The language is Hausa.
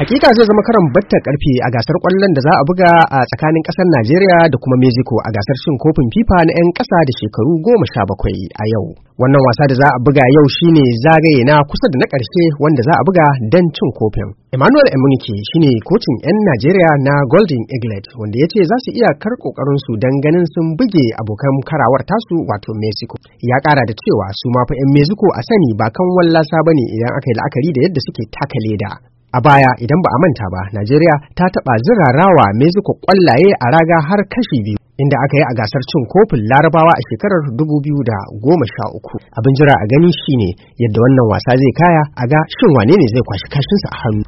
hakika zai zama karan batta karfe a gasar kwallon da za a buga a tsakanin kasar Najeriya da kuma Mexico a gasar cin kofin FIFA na 'yan ƙasa da shekaru goma sha bakwai a yau. Wannan wasa da za a buga yau shine zagaye na kusa da na ƙarshe wanda za a buga don cin kofin. Emmanuel Emunike shine kocin 'yan Najeriya na Golden Eaglet wanda ya ce za su iya kar kokarin su don ganin sun buge abokan karawar tasu wato Mexico. Ya ƙara da cewa su ma fa 'yan Mexico a sani ba kan wallasa bane idan aka yi la'akari da yadda suke taka leda. A baya idan ba a manta ba, Najeriya ta taɓa zirarawa Mexico ƙwallaye a raga har kashi biyu. Inda aka yi a gasar cin kofin larabawa a shekarar 2013. Abin jira a gani shine yadda wannan wasa zai kaya a ga shin wane ne zai kwashi kashinsa a hannu.